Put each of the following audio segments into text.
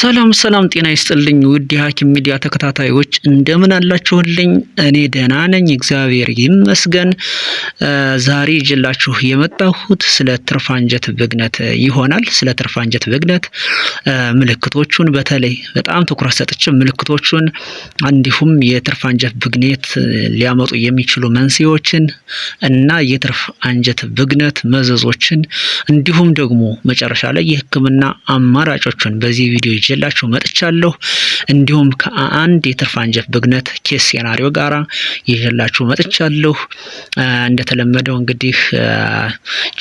ሰላም ሰላም፣ ጤና ይስጥልኝ ውድ የሐኪም ሚዲያ ተከታታዮች እንደምን አላችሁልኝ? እኔ ደህና ነኝ፣ እግዚአብሔር ይመስገን። ዛሬ ይዤላችሁ የመጣሁት ስለ ትርፍ አንጀት ብግነት ይሆናል። ስለ ትርፍ አንጀት ብግነት ምልክቶቹን፣ በተለይ በጣም ትኩረት ሰጥቼ ምልክቶቹን፣ እንዲሁም የትርፍ አንጀት ብግነት ሊያመጡ የሚችሉ መንስኤዎችን እና የትርፍ አንጀት ብግነት መዘዞችን እንዲሁም ደግሞ መጨረሻ ላይ የህክምና አማራጮችን በዚህ ቪዲዮ ይዤላችሁ መጥቻለሁ። እንዲሁም ከአንድ የትርፍ አንጀት ብግነት ኬስ ሴናሪዮ ጋራ ይዤላችሁ መጥቻለሁ። እንደተለመደው እንግዲህ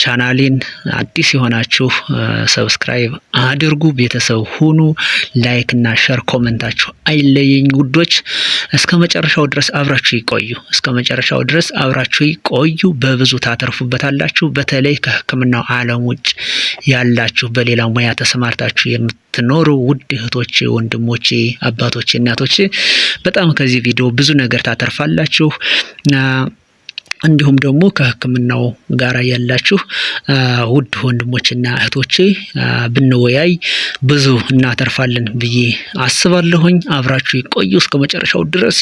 ቻናሌን አዲስ የሆናችሁ ሰብስክራይብ አድርጉ፣ ቤተሰብ ሁኑ። ላይክ እና ሸር ኮመንታችሁ አይለየኝ ውዶች። እስከ መጨረሻው ድረስ አብራችሁ ይቆዩ። እስከ መጨረሻው ድረስ አብራችሁ ይቆዩ። በብዙ ታተርፉበታላችሁ። በተለይ ከህክምናው ዓለም ውጭ ያላችሁ በሌላ ሙያ ተሰማርታችሁ የምት የምትኖሩ ውድ እህቶቼ፣ ወንድሞቼ፣ አባቶቼ፣ እናቶቼ በጣም ከዚህ ቪዲዮ ብዙ ነገር ታተርፋላችሁ። እንዲሁም ደግሞ ከህክምናው ጋር ያላችሁ ውድ ወንድሞችና እህቶቼ ብንወያይ ብዙ እናተርፋለን ብዬ አስባለሁኝ። አብራችሁ ይቆዩ እስከ መጨረሻው ድረስ።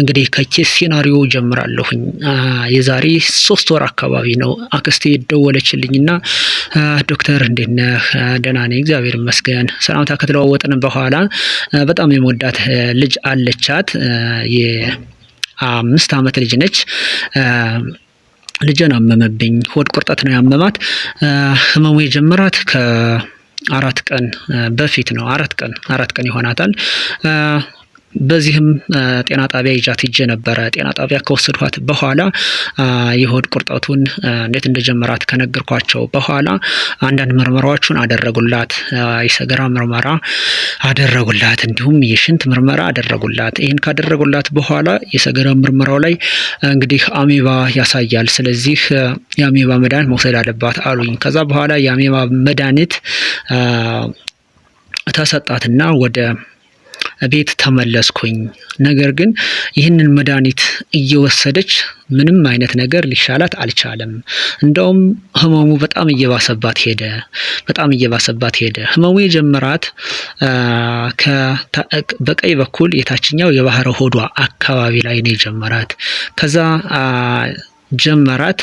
እንግዲህ ከኬስ ሴናሪዮ ጀምራለሁኝ። የዛሬ ሶስት ወር አካባቢ ነው አክስቴ ደወለችልኝና ዶክተር እንዴት ነህ? ደህና ነኝ እግዚአብሔር ይመስገን። ሰላምታ ከተለዋወጥን በኋላ በጣም የመወዳት ልጅ አለቻት አምስት ዓመት ልጅ ነች። ልጄን አመመብኝ። ሆድ ቁርጠት ነው ያመማት። ህመሙ የጀመራት ከአራት ቀን በፊት ነው። አራት ቀን አራት ቀን ይሆናታል። በዚህም ጤና ጣቢያ ይዣት ሄጄ ነበረ። ጤና ጣቢያ ከወሰድኋት በኋላ የሆድ ቁርጠቱን እንዴት እንደጀመራት ከነገርኳቸው በኋላ አንዳንድ ምርመራዎቹን አደረጉላት። የሰገራ ምርመራ አደረጉላት፣ እንዲሁም የሽንት ምርመራ አደረጉላት። ይህን ካደረጉላት በኋላ የሰገራ ምርመራው ላይ እንግዲህ አሜባ ያሳያል። ስለዚህ የአሜባ መድኃኒት መውሰድ አለባት አሉኝ። ከዛ በኋላ የአሜባ መድኃኒት ተሰጣትና ወደ ቤት ተመለስኩኝ። ነገር ግን ይህንን መድኃኒት እየወሰደች ምንም አይነት ነገር ሊሻላት አልቻለም። እንደውም ህመሙ በጣም እየባሰባት ሄደ። በጣም እየባሰባት ሄደ። ህመሙ የጀመራት በቀኝ በኩል የታችኛው የባህረ ሆዷ አካባቢ ላይ ነው የጀመራት። ከዛ ጀመራት።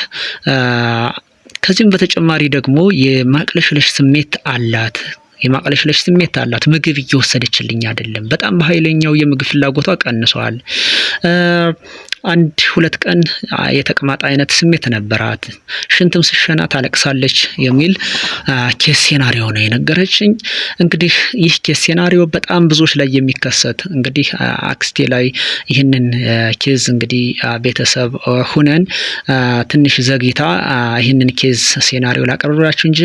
ከዚህም በተጨማሪ ደግሞ የማቅለሽለሽ ስሜት አላት። የማቅለሽለሽ ስሜት አላት። ምግብ እየወሰደችልኝ አይደለም። በጣም ኃይለኛው የምግብ ፍላጎቷ ቀንሷል። አንድ ሁለት ቀን የተቅማጥ አይነት ስሜት ነበራት። ሽንትም ስሸና ታለቅሳለች የሚል ኬስ ሴናሪዮ ነው የነገረችኝ። እንግዲህ ይህ ኬስ ሴናሪዮ በጣም ብዙዎች ላይ የሚከሰት እንግዲህ አክስቴ ላይ ይህንን ኬዝ እንግዲህ ቤተሰብ ሁነን ትንሽ ዘግይታ ይህንን ኬዝ ሴናሪዮ ላቀርብላችሁ እንጂ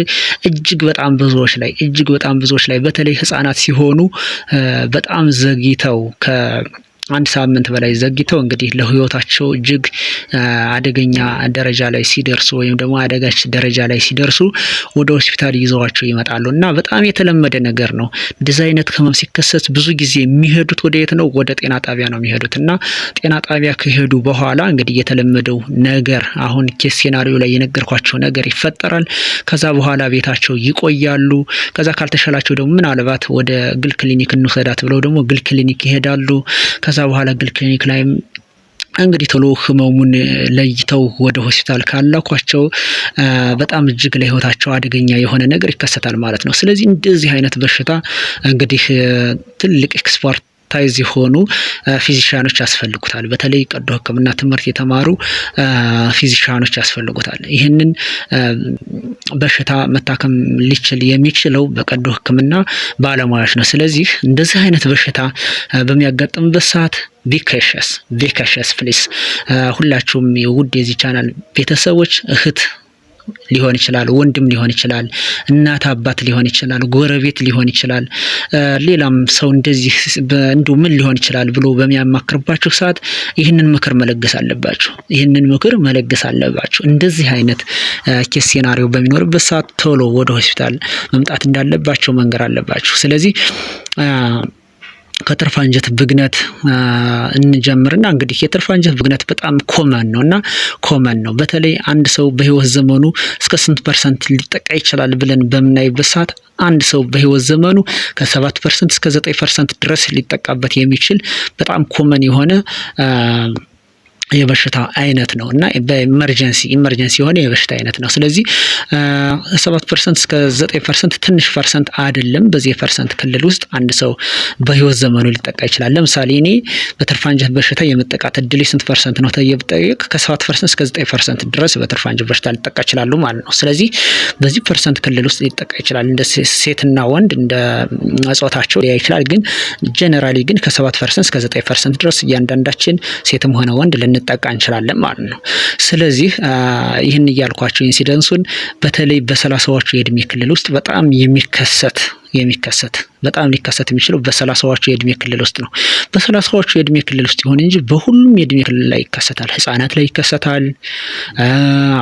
እጅግ በጣም ብዙዎች ላይ እጅግ በጣም ብዙዎች ላይ በተለይ ህጻናት ሲሆኑ በጣም ዘግይተው አንድ ሳምንት በላይ ዘግተው እንግዲህ ለህይወታቸው እጅግ አደገኛ ደረጃ ላይ ሲደርሱ ወይም ደግሞ አደጋች ደረጃ ላይ ሲደርሱ ወደ ሆስፒታል ይዘዋቸው ይመጣሉ እና በጣም የተለመደ ነገር ነው። እንደዚህ አይነት ህመም ሲከሰት ብዙ ጊዜ የሚሄዱት ወደ የት ነው? ወደ ጤና ጣቢያ ነው የሚሄዱት እና ጤና ጣቢያ ከሄዱ በኋላ እንግዲህ የተለመደው ነገር አሁን ኬስ ሴናሪዮ ላይ የነገርኳቸው ነገር ይፈጠራል። ከዛ በኋላ ቤታቸው ይቆያሉ። ከዛ ካልተሻላቸው ደግሞ ምናልባት ወደ ግል ክሊኒክ እንውሰዳት ብለው ደግሞ ግል ክሊኒክ ይሄዳሉ። ከዛ በኋላ ግል ክሊኒክ ላይም እንግዲህ ቶሎ ህመሙን ለይተው ወደ ሆስፒታል ካላኳቸው በጣም እጅግ ለህይወታቸው አደገኛ የሆነ ነገር ይከሰታል ማለት ነው። ስለዚህ እንደዚህ አይነት በሽታ እንግዲህ ትልቅ ኤክስፐርት ታይዝ የሆኑ ፊዚሽያኖች ያስፈልጉታል። በተለይ ቀዶ ሕክምና ትምህርት የተማሩ ፊዚሽያኖች ያስፈልጉታል። ይህንን በሽታ መታከም ሊችል የሚችለው በቀዶ ሕክምና ባለሙያዎች ነው። ስለዚህ እንደዚህ አይነት በሽታ በሚያጋጥምበት ሰዓት ቢከሸስ ቢከሸስ ፕሊስ ሁላችሁም የውድ የዚህ ቻናል ቤተሰቦች እህት ሊሆን ይችላል፣ ወንድም ሊሆን ይችላል፣ እናት አባት ሊሆን ይችላል፣ ጎረቤት ሊሆን ይችላል፣ ሌላም ሰው እንደዚህ እንዲሁ ምን ሊሆን ይችላል ብሎ በሚያማክርባችሁ ሰዓት ይህንን ምክር መለገስ አለባችሁ። ይህንን ምክር መለገስ አለባችሁ። እንደዚህ አይነት ኬስ ሴናሪዮ በሚኖርበት ሰዓት ቶሎ ወደ ሆስፒታል መምጣት እንዳለባቸው መንገር አለባችሁ። ስለዚህ ከትርፍ አንጀት ብግነት እንጀምርና እንግዲህ የትርፍ አንጀት ብግነት በጣም ኮመን ነው እና ኮመን ነው በተለይ አንድ ሰው በህይወት ዘመኑ እስከ ስንት ፐርሰንት ሊጠቃ ይችላል ብለን በምናይበት ሰዓት አንድ ሰው በህይወት ዘመኑ ከሰባት ፐርሰንት እስከ ዘጠኝ ፐርሰንት ድረስ ሊጠቃበት የሚችል በጣም ኮመን የሆነ የበሽታ አይነት ነው እና በኢመርጀንሲ ኢመርጀንሲ የሆነ የበሽታ አይነት ነው። ስለዚህ ሰባት ፐርሰንት እስከ ዘጠኝ ፐርሰንት ትንሽ ፐርሰንት አይደለም። በዚህ የፐርሰንት ክልል ውስጥ አንድ ሰው በህይወት ዘመኑ ሊጠቃ ይችላል። ለምሳሌ እኔ በትርፋንጀት በሽታ የመጠቃት እድል ስንት ፐርሰንት ነው ተብዬ ብጠየቅ ከሰባት ፐርሰንት እስከ ዘጠኝ ፐርሰንት ድረስ በትርፋንጀት በሽታ ሊጠቃ ይችላሉ ማለት ነው። ስለዚህ በዚህ ፐርሰንት ክልል ውስጥ ሊጠቃ ይችላል። እንደ ሴትና ወንድ እንደ እጽዋታቸው ሊያ ይችላል። ግን ጀነራሊ ግን ከሰባት ፐርሰንት እስከ ዘጠኝ ፐርሰንት ድረስ እያንዳንዳችን ሴትም ሆነ ወንድ ልንጠቃ እንችላለን ማለት ነው። ስለዚህ ይህን እያልኳቸው ኢንሲደንሱን በተለይ በሰላሳዎቹ የእድሜ ክልል ውስጥ በጣም የሚከሰት የሚከሰት በጣም ሊከሰት የሚችለው በሰላሳዎቹ የእድሜ ክልል ውስጥ ነው። በሰላሳዎቹ የእድሜ ክልል ውስጥ ይሁን እንጂ በሁሉም የእድሜ ክልል ላይ ይከሰታል። ህጻናት ላይ ይከሰታል፣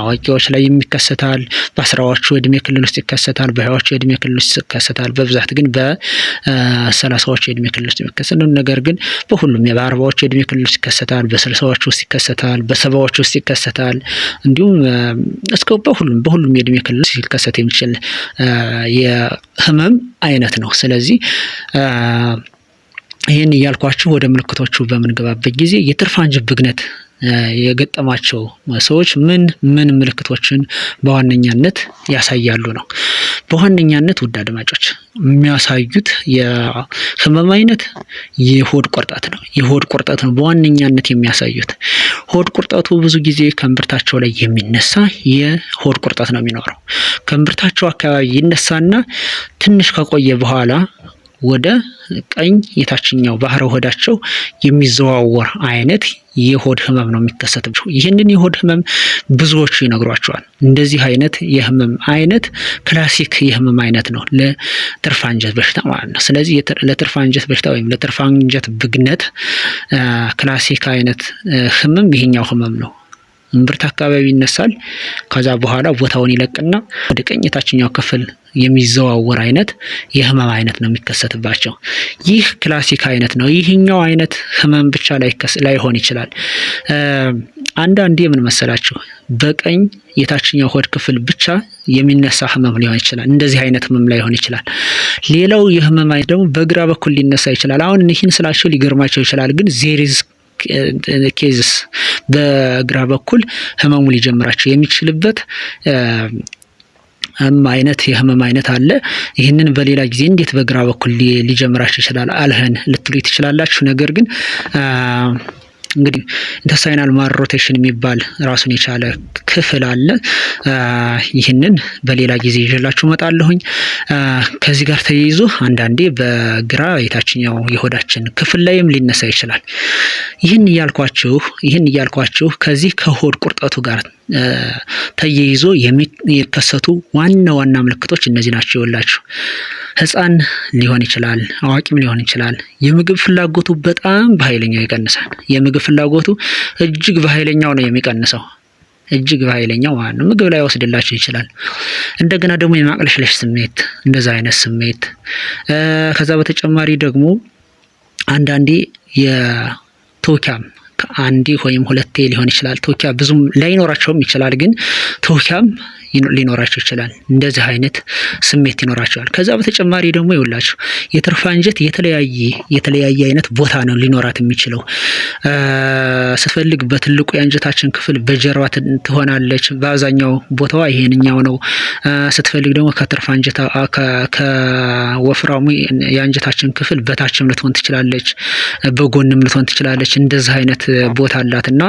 አዋቂዎች ላይ ይከሰታል፣ በአስራዎቹ የእድሜ ክልል ውስጥ ይከሰታል፣ በሀያዎቹ የእድሜ ክልል ውስጥ ይከሰታል። በብዛት ግን በሰላሳዎቹ የእድሜ ክልል ውስጥ የሚከሰት ነው። ነገር ግን በሁሉም በአርባዎቹ የእድሜ ክልል ውስጥ ይከሰታል፣ በስልሳዎቹ ውስጥ ይከሰታል፣ በሰባዎቹ ውስጥ ይከሰታል። እንዲሁም እስከ በሁሉም በሁሉም የእድሜ ክልል ውስጥ ሊከሰት የሚችል የህመም አይነት ነው። ስለዚህ ይህን እያልኳችሁ ወደ ምልክቶቹ በምንገባበት ጊዜ የትርፍ ብግነት የገጠማቸው ሰዎች ምን ምን ምልክቶችን በዋነኛነት ያሳያሉ ነው። በዋነኛነት ውድ አድማጮች የሚያሳዩት የህመም አይነት የሆድ ቁርጠት ነው። የሆድ ቁርጠት ነው በዋነኛነት የሚያሳዩት። ሆድ ቁርጠቱ ብዙ ጊዜ ከእምብርታቸው ላይ የሚነሳ የሆድ ቁርጠት ነው የሚኖረው። ከእምብርታቸው አካባቢ ይነሳና ትንሽ ከቆየ በኋላ ወደ ቀኝ የታችኛው ባህረ ሆዳቸው የሚዘዋወር አይነት የሆድ ህመም ነው የሚከሰትባቸው። ይህንን የሆድ ህመም ብዙዎቹ ይነግሯቸዋል። እንደዚህ አይነት የህመም አይነት ክላሲክ የህመም አይነት ነው ለትርፍ አንጀት በሽታ ማለት ነው። ስለዚህ ለትርፍ አንጀት በሽታ ወይም ለትርፍ አንጀት ብግነት ክላሲክ አይነት ህመም ይሄኛው ህመም ነው። እምብርት አካባቢ ይነሳል። ከዛ በኋላ ቦታውን ይለቅና ወደ ቀኝ የታችኛው ክፍል የሚዘዋወር አይነት የህመም አይነት ነው የሚከሰትባቸው። ይህ ክላሲክ አይነት ነው። ይህኛው አይነት ህመም ብቻ ላይሆን ይችላል። አንዳንዴ ምን መሰላችሁ፣ በቀኝ የታችኛው ሆድ ክፍል ብቻ የሚነሳ ህመም ሊሆን ይችላል። እንደዚህ አይነት ህመም ላይሆን ይችላል። ሌላው የህመም አይነት ደግሞ በግራ በኩል ሊነሳ ይችላል። አሁን ይህን ስላቸው ሊገርማቸው ይችላል፣ ግን ዜሪዝ ኬዝስ በግራ በኩል ህመሙ ሊጀምራቸው የሚችልበት አይነት የህመም አይነት አለ። ይህንን በሌላ ጊዜ እንዴት በግራ በኩል ሊጀምራቸው ይችላል አልህን ልትሉ ትችላላችሁ። ነገር ግን እንግዲህ ኢንተስታይናል ማር ሮቴሽን የሚባል ራሱን የቻለ ክፍል አለ። ይህንን በሌላ ጊዜ ይዤላችሁ እመጣለሁኝ። ከዚህ ጋር ተያይዞ አንዳንዴ በግራ የታችኛው የሆዳችን ክፍል ላይም ሊነሳ ይችላል። ይህን እያልኳችሁ ይህን እያልኳችሁ ከዚህ ከሆድ ቁርጠቱ ጋር ተያይዞ የሚከሰቱ ዋና ዋና ምልክቶች እነዚህ ናቸው ይወላችሁ ህፃን ሊሆን ይችላል፣ አዋቂም ሊሆን ይችላል። የምግብ ፍላጎቱ በጣም በኃይለኛው ይቀንሳል። የምግብ ፍላጎቱ እጅግ በኃይለኛው ነው የሚቀንሰው፣ እጅግ በኃይለኛው ማለት ነው። ምግብ ላይ ወስድላቸው ይችላል። እንደገና ደግሞ የማቅለሽለሽ ስሜት፣ እንደዛ አይነት ስሜት። ከዛ በተጨማሪ ደግሞ አንዳንዴ የቶኪያም አንዴ ወይም ሁለቴ ሊሆን ይችላል። ቶኪያ ብዙም ላይኖራቸውም ይችላል፣ ግን ቶኪያም ሊኖራቸው ይችላል። እንደዚህ አይነት ስሜት ይኖራቸዋል። ከዛ በተጨማሪ ደግሞ ይውላችሁ የትርፍ አንጀት የተለያየ የተለያየ አይነት ቦታ ነው ሊኖራት የሚችለው። ስትፈልግ በትልቁ የአንጀታችን ክፍል በጀርባ ትሆናለች። በአብዛኛው ቦታዋ ይሄንኛው ነው። ስትፈልግ ደግሞ ከትርፍ አንጀት ከወፍራሙ የአንጀታችን ክፍል በታችም ልትሆን ትችላለች፣ በጎንም ልትሆን ትችላለች። እንደዚህ አይነት ቦታ አላት እና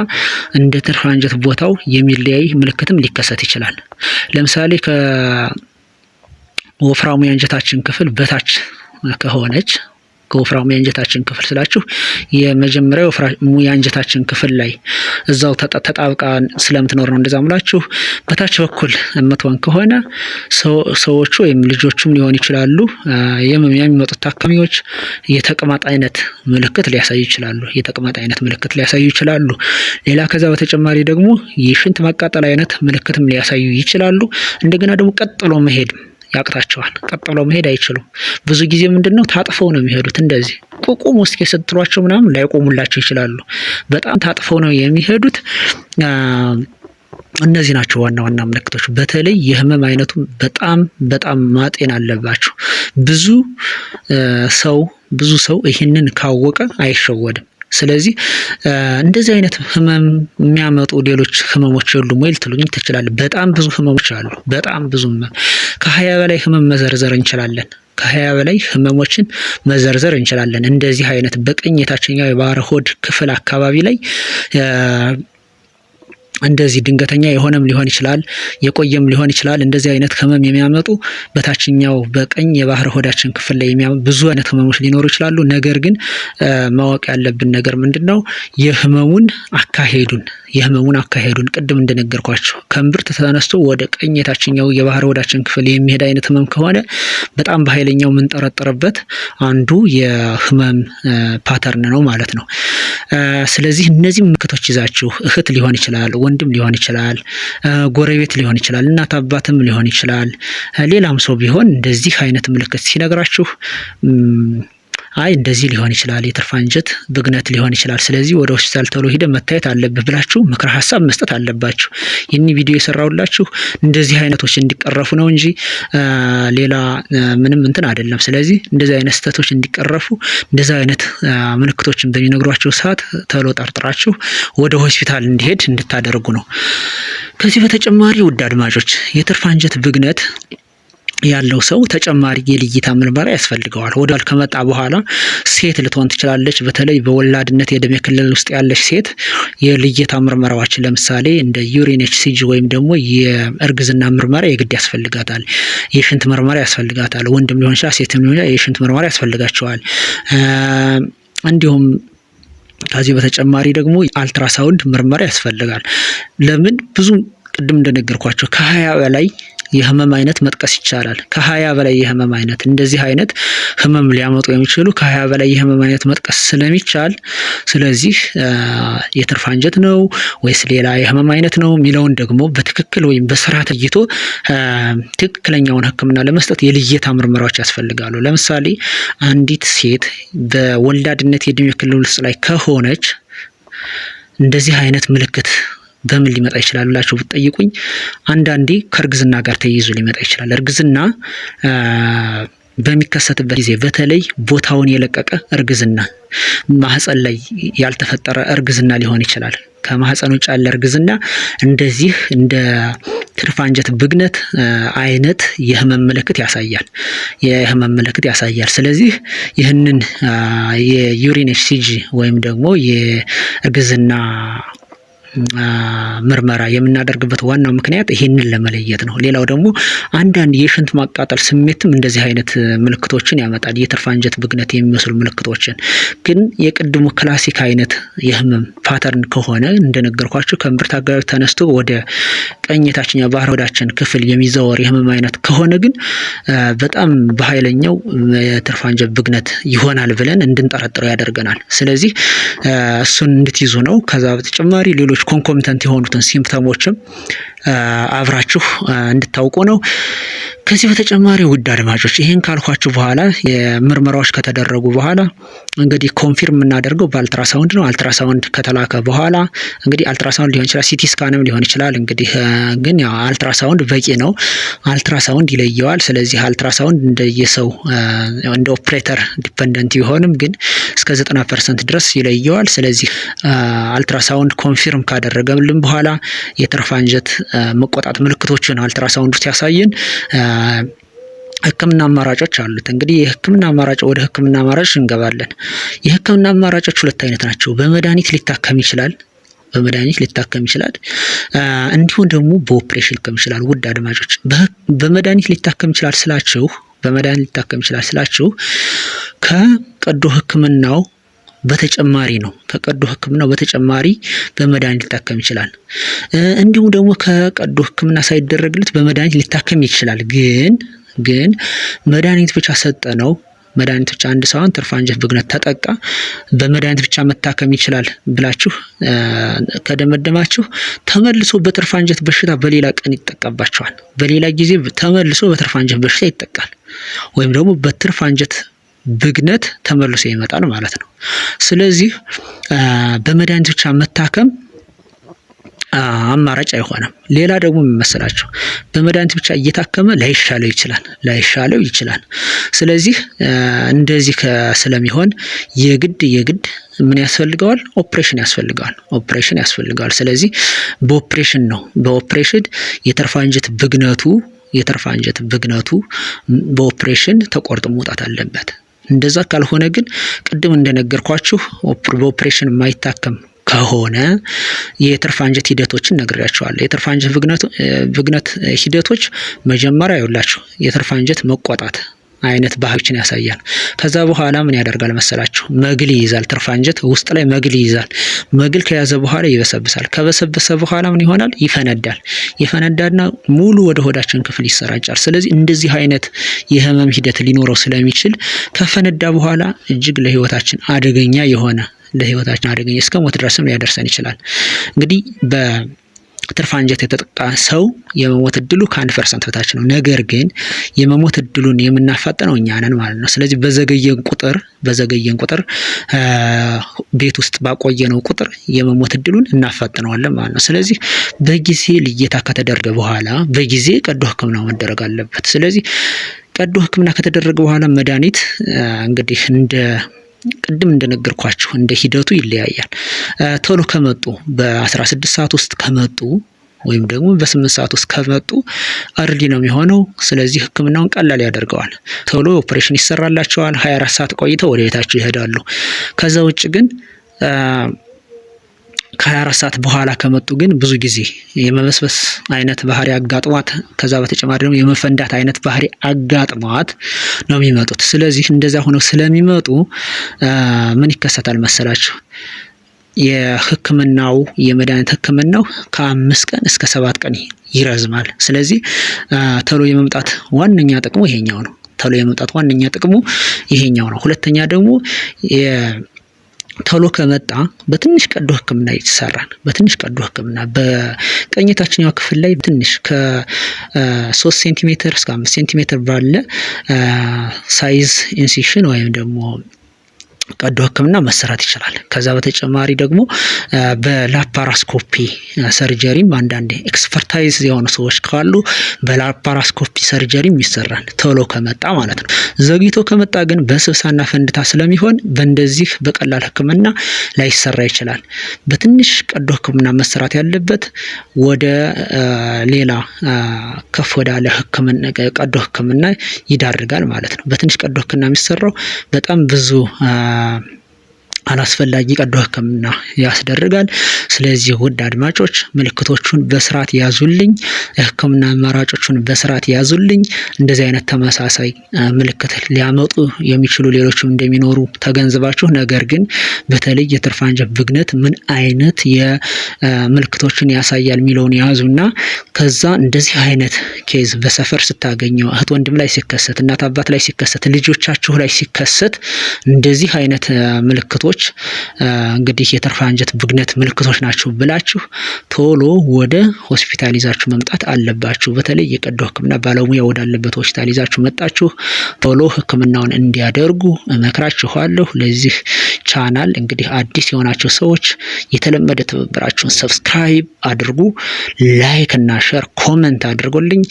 እንደ ትርፍ አንጀት ቦታው የሚለያይ ምልክትም ሊከሰት ይችላል። ለምሳሌ ከወፍራሙ የአንጀታችን ክፍል በታች ከሆነች ከወፍራሙ የአንጀታችን ክፍል ስላችሁ የመጀመሪያው የአንጀታችን ክፍል ላይ እዛው ተጣብቃ ስለምትኖር ነው። እንደዛ ሙላችሁ በታች በኩል እምትሆን ከሆነ ሰዎቹ ወይም ልጆቹም ሊሆን ይችላሉ የሚመጡት ታካሚዎች የተቅማጥ አይነት ምልክት ሊያሳዩ ይችላሉ። የተቅማጥ አይነት ምልክት ሊያሳዩ ይችላሉ። ሌላ ከዛ በተጨማሪ ደግሞ የሽንት ማቃጠል አይነት ምልክትም ሊያሳዩ ይችላሉ። እንደገና ደግሞ ቀጥሎ መሄድ ያቅታቸዋል። ቀጥ ብለው መሄድ አይችሉም። ብዙ ጊዜ ምንድን ነው ታጥፈው ነው የሚሄዱት። እንደዚህ ቁቁም ውስጥ የሰጥሯቸው ምናምን ላይቆሙላቸው ይችላሉ። በጣም ታጥፈው ነው የሚሄዱት። እነዚህ ናቸው ዋና ዋና ምልክቶች። በተለይ የህመም አይነቱ በጣም በጣም ማጤን አለባቸው። ብዙ ሰው ብዙ ሰው ይህንን ካወቀ አይሸወድም። ስለዚህ እንደዚህ አይነት ህመም የሚያመጡ ሌሎች ህመሞች የሉም ወይ ልትሉኝ ትችላለ። በጣም ብዙ ህመሞች አሉ። በጣም ብዙ ከሀያ በላይ ህመም መዘርዘር እንችላለን። ከሀያ በላይ ህመሞችን መዘርዘር እንችላለን። እንደዚህ አይነት በቀኝ የታችኛው የባረሆድ ሆድ ክፍል አካባቢ ላይ እንደዚህ ድንገተኛ የሆነም ሊሆን ይችላል፣ የቆየም ሊሆን ይችላል። እንደዚህ አይነት ህመም የሚያመጡ በታችኛው በቀኝ የባህረ ሆዳችን ክፍል ላይ ብዙ አይነት ህመሞች ሊኖሩ ይችላሉ። ነገር ግን ማወቅ ያለብን ነገር ምንድን ነው የህመሙን አካሄዱን የህመሙን አካሄዱን ቅድም እንደነገርኳቸው ከእምብርት ተነስቶ ወደ ቀኝ የታችኛው የባህረ ወዳችን ክፍል የሚሄድ አይነት ህመም ከሆነ በጣም በኃይለኛው የምንጠረጠርበት አንዱ የህመም ፓተርን ነው ማለት ነው። ስለዚህ እነዚህ ምልክቶች ይዛችሁ እህት ሊሆን ይችላል፣ ወንድም ሊሆን ይችላል፣ ጎረቤት ሊሆን ይችላል፣ እናት አባትም ሊሆን ይችላል፣ ሌላም ሰው ቢሆን እንደዚህ አይነት ምልክት ሲነግራችሁ አይ እንደዚህ ሊሆን ይችላል፣ የትርፍ አንጀት ብግነት ሊሆን ይችላል፣ ስለዚህ ወደ ሆስፒታል ተሎ ሂደ መታየት አለብህ ብላችሁ ምክረ ሀሳብ መስጠት አለባችሁ። ይህን ቪዲዮ የሰራሁላችሁ እንደዚህ አይነቶች እንዲቀረፉ ነው እንጂ ሌላ ምንም እንትን አይደለም። ስለዚህ እንደዚህ አይነት ስህተቶች እንዲቀረፉ እንደዚህ አይነት ምልክቶችን በሚነግሯቸው ሰዓት ተሎ ጠርጥራችሁ ወደ ሆስፒታል እንዲሄድ እንድታደርጉ ነው። ከዚህ በተጨማሪ ውድ አድማጮች የትርፍ አንጀት ብግነት ያለው ሰው ተጨማሪ የልይታ ምርመራ ያስፈልገዋል። ወደ ከመጣ በኋላ ሴት ልትሆን ትችላለች። በተለይ በወላድነት የእድሜ ክልል ውስጥ ያለች ሴት የልይታ ምርመራዎች ለምሳሌ እንደ ዩሪን ኤችሲጂ ወይም ደግሞ የእርግዝና ምርመራ የግድ ያስፈልጋታል። የሽንት ምርመራ ያስፈልጋታል። ወንድም ሊሆን ይችላል፣ ሴትም ሊሆን ይችላል። የሽንት ምርመራ ያስፈልጋቸዋል። እንዲሁም ከዚህ በተጨማሪ ደግሞ አልትራሳውንድ ምርመራ ያስፈልጋል። ለምን ብዙ ቅድም እንደነገርኳቸው ከሀያ በላይ የህመም አይነት መጥቀስ ይቻላል። ከሀያ በላይ የህመም አይነት እንደዚህ አይነት ህመም ሊያመጡ የሚችሉ ከሀያ በላይ የህመም አይነት መጥቀስ ስለሚቻል ስለዚህ የትርፍ አንጀት ነው ወይስ ሌላ የህመም አይነት ነው የሚለውን ደግሞ በትክክል ወይም በስራ ተይቶ ትክክለኛውን ህክምና ለመስጠት የልየታ ምርመራዎች ያስፈልጋሉ። ለምሳሌ አንዲት ሴት በወላድነት የእድሜ ክልል ውስጥ ላይ ከሆነች እንደዚህ አይነት ምልክት በምን ሊመጣ ይችላል ብላችሁ ብትጠይቁኝ አንዳንዴ ከእርግዝና ጋር ተያይዞ ሊመጣ ይችላል። እርግዝና በሚከሰትበት ጊዜ በተለይ ቦታውን የለቀቀ እርግዝና፣ ማህፀን ላይ ያልተፈጠረ እርግዝና ሊሆን ይችላል። ከማህፀን ውጭ ያለ እርግዝና እንደዚህ እንደ ትርፍ አንጀት ብግነት አይነት የህመም ምልክት ያሳያል የህመም ምልክት ያሳያል። ስለዚህ ይህንን የዩሪን ኤችሲጂ ወይም ደግሞ የእርግዝና ምርመራ የምናደርግበት ዋናው ምክንያት ይህንን ለመለየት ነው። ሌላው ደግሞ አንዳንድ የሽንት ማቃጠል ስሜትም እንደዚህ አይነት ምልክቶችን ያመጣል። የትርፍ አንጀት ብግነት የሚመስሉ ምልክቶችን ግን የቅድሙ ክላሲክ አይነት የህመም ፓተርን ከሆነ እንደነገርኳቸው ከምብርት አካባቢ ተነስቶ ወደ ቀኝ የታችኛው ባህረ ወዳችን ክፍል የሚዘወር የህመም አይነት ከሆነ ግን በጣም በኃይለኛው የትርፍ አንጀት ብግነት ይሆናል ብለን እንድንጠረጥረው ያደርገናል። ስለዚህ እሱን እንድትይዙ ነው። ከዛ በተጨማሪ ሌሎች ኮንኮሚተንት የሆኑትን ሲምፕተሞችም አብራችሁ እንድታውቁ ነው። ከዚህ በተጨማሪ ውድ አድማጮች ይህን ካልኳችሁ በኋላ የምርመራዎች ከተደረጉ በኋላ እንግዲህ ኮንፊርም የምናደርገው በአልትራሳውንድ ነው። አልትራሳውንድ ከተላከ በኋላ እንግዲህ አልትራሳውንድ ሊሆን ይችላል፣ ሲቲ ስካንም ሊሆን ይችላል። እንግዲህ ግን ያው አልትራሳውንድ በቂ ነው። አልትራሳውንድ ይለየዋል። ስለዚህ አልትራሳውንድ እንደየሰው እንደ ኦፕሬተር ዲፐንደንት ቢሆንም ግን እስከ 90 ፐርሰንት ድረስ ይለየዋል። ስለዚህ አልትራሳውንድ ኮንፊርም ካደረገልን በኋላ የትርፍ አንጀት መቆጣት ምልክቶችን አልትራሳውንዱ ሲያሳየን ህክምና አማራጮች አሉት። እንግዲህ የህክምና አማራጭ ወደ ህክምና አማራጮች እንገባለን። የህክምና አማራጮች ሁለት አይነት ናቸው። በመድኃኒት ሊታከም ይችላል በመድኃኒት ሊታከም ይችላል። እንዲሁም ደግሞ በኦፕሬሽን ሊታከም ይችላል። ውድ አድማጮች በመድኃኒት ሊታከም ይችላል ስላችሁ በመድኃኒት ሊታከም ይችላል ስላችሁ ከቀዶ ህክምናው በተጨማሪ ነው። ከቀዶ ሕክምናው በተጨማሪ በመድኃኒት ሊታከም ይችላል። እንዲሁም ደግሞ ከቀዶ ሕክምና ሳይደረግለት በመድኃኒት ሊታከም ይችላል። ግን ግን መድኃኒት ብቻ ሰጠ ነው መድኃኒት ብቻ አንድ ሰው ትርፍ አንጀት ብግነት ተጠቃ፣ በመድኃኒት ብቻ መታከም ይችላል ብላችሁ ከደመደማችሁ ተመልሶ በትርፍ አንጀት በሽታ በሌላ ቀን ይጠቃባቸዋል። በሌላ ጊዜ ተመልሶ በትርፍ አንጀት በሽታ ይጠቃል፣ ወይም ደግሞ በትርፍ አንጀት ብግነት ተመልሶ ይመጣል ማለት ነው። ስለዚህ በመድኃኒት ብቻ መታከም አማራጭ አይሆንም። ሌላ ደግሞ የሚመስላቸው በመድኃኒት ብቻ እየታከመ ላይሻለው ይችላል ላይሻለው ይችላል። ስለዚህ እንደዚህ ስለሚሆን የግድ የግድ ምን ያስፈልገዋል? ኦፕሬሽን ያስፈልገዋል ኦፕሬሽን ያስፈልገዋል። ስለዚህ በኦፕሬሽን ነው በኦፕሬሽን የተርፋ አንጀት ብግነቱ የተርፋ አንጀት ብግነቱ በኦፕሬሽን ተቆርጦ መውጣት አለበት። እንደዛ ካልሆነ ግን ቅድም እንደነገርኳችሁ በኦፕሬሽን የማይታከም ከሆነ የትርፍ አንጀት ሂደቶችን ነግሬያቸዋለሁ። የትርፍ አንጀት ብግነት ሂደቶች መጀመሪያ ይውላችሁ የትርፍ አንጀት መቆጣት አይነት ባህሎችን ያሳያል። ከዛ በኋላ ምን ያደርጋል መሰላችሁ? መግል ይይዛል። ትርፍ አንጀት ውስጥ ላይ መግል ይይዛል። መግል ከያዘ በኋላ ይበሰብሳል። ከበሰበሰ በኋላ ምን ይሆናል? ይፈነዳል። ይፈነዳና ሙሉ ወደ ሆዳችን ክፍል ይሰራጫል። ስለዚህ እንደዚህ አይነት የህመም ሂደት ሊኖረው ስለሚችል ከፈነዳ በኋላ እጅግ ለህይወታችን አደገኛ የሆነ ለህይወታችን አደገኛ እስከ ሞት ድረስም ሊያደርሰን ይችላል። እንግዲህ በ በትርፍ አንጀት የተጠቃ ሰው የመሞት እድሉ ከአንድ ፐርሰንት በታች ነው። ነገር ግን የመሞት እድሉን የምናፋጥነው እኛ ነን ማለት ነው። ስለዚህ በዘገየን ቁጥር በዘገየን ቁጥር ቤት ውስጥ ባቆየነው ቁጥር የመሞት እድሉን እናፋጥነዋለን ማለት ነው። ስለዚህ በጊዜ ልየታ ከተደረገ በኋላ በጊዜ ቀዶ ሕክምና መደረግ አለበት። ስለዚህ ቀዶ ሕክምና ከተደረገ በኋላ መድኃኒት እንግዲህ እንደ ቅድም እንደነገርኳችሁ እንደ ሂደቱ ይለያያል። ቶሎ ከመጡ በ16 ሰዓት ውስጥ ከመጡ ወይም ደግሞ በስምንት ሰዓት ውስጥ ከመጡ አርሊ ነው የሚሆነው። ስለዚህ ህክምናውን ቀላል ያደርገዋል። ቶሎ ኦፕሬሽን ይሰራላቸዋል። 24 ሰዓት ቆይተው ወደ ቤታቸው ይሄዳሉ። ከዛ ውጭ ግን ከ24 ሰዓት በኋላ ከመጡ ግን ብዙ ጊዜ የመበስበስ አይነት ባህሪ አጋጥሟት ከዛ በተጨማሪ ደግሞ የመፈንዳት አይነት ባህሪ አጋጥሟት ነው የሚመጡት። ስለዚህ እንደዚያ ሆነው ስለሚመጡ ምን ይከሰታል መሰላችሁ? የህክምናው የመድኃኒት ህክምናው ከአምስት ቀን እስከ ሰባት ቀን ይረዝማል። ስለዚህ ተሎ የመምጣት ዋነኛ ጥቅሙ ይሄኛው ነው። ተሎ የመምጣት ዋነኛ ጥቅሙ ይሄኛው ነው። ሁለተኛ ደግሞ ቶሎ ከመጣ በትንሽ ቀዶ ሕክምና ይሰራል። በትንሽ ቀዶ ህክምና በቀኝ ታችኛው ክፍል ላይ ትንሽ ከሶስት ሴንቲሜትር እስከ አምስት ሴንቲሜትር ባለ ሳይዝ ኢንሲሽን ወይም ደግሞ ቀዶ ህክምና መሰራት ይችላል። ከዛ በተጨማሪ ደግሞ በላፓራስኮፒ ሰርጀሪም አንዳንዴ ኤክስፐርታይዝ የሆኑ ሰዎች ካሉ በላፓራስኮፒ ሰርጀሪም ይሰራል፣ ቶሎ ከመጣ ማለት ነው። ዘግይቶ ከመጣ ግን በስብሳና ፈንድታ ስለሚሆን በእንደዚህ በቀላል ህክምና ላይሰራ ይችላል። በትንሽ ቀዶ ህክምና መሰራት ያለበት ወደ ሌላ ከፍ ወዳለ ቀዶ ህክምና ይዳርጋል ማለት ነው። በትንሽ ቀዶ ህክምና የሚሰራው በጣም ብዙ uh, አላስፈላጊ ቀዶ ሕክምና ያስደርጋል። ስለዚህ ውድ አድማጮች ምልክቶቹን በስርዓት ያዙልኝ፣ የሕክምና አማራጮቹን በስርዓት ያዙልኝ። እንደዚህ አይነት ተመሳሳይ ምልክት ሊያመጡ የሚችሉ ሌሎችም እንደሚኖሩ ተገንዝባችሁ፣ ነገር ግን በተለይ የትርፍ አንጀት ብግነት ምን አይነት የምልክቶችን ያሳያል የሚለውን ያዙና ከዛ እንደዚህ አይነት ኬዝ በሰፈር ስታገኘው፣ እህት ወንድም ላይ ሲከሰት፣ እናት አባት ላይ ሲከሰት፣ ልጆቻችሁ ላይ ሲከሰት እንደዚህ አይነት ምልክቶች ምልክቶች እንግዲህ የተርፈ አንጀት ብግነት ምልክቶች ናቸው ብላችሁ ቶሎ ወደ ሆስፒታል ይዛችሁ መምጣት አለባችሁ። በተለይ የቀዶ ሕክምና ባለሙያ ወዳለበት ሆስፒታል ይዛችሁ መጣችሁ ቶሎ ሕክምናውን እንዲያደርጉ እመክራችኋለሁ። ለዚህ ቻናል እንግዲህ አዲስ የሆናቸው ሰዎች የተለመደ ትብብራችሁን ሰብስክራይብ አድርጉ፣ ላይክ እና ሸር ኮመንት አድርጉልኝ።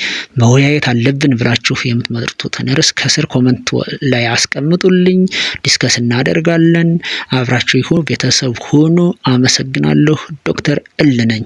መወያየት አለብን ብላችሁ የምትመርጡትን ርዕስ ከስር ኮመንት ላይ አስቀምጡልኝ፣ ዲስከስ እናደርጋለን። አብራችሁ ይሁን ቤተሰብ ሁኑ። አመሰግናለሁ። ዶክተር እል ነኝ።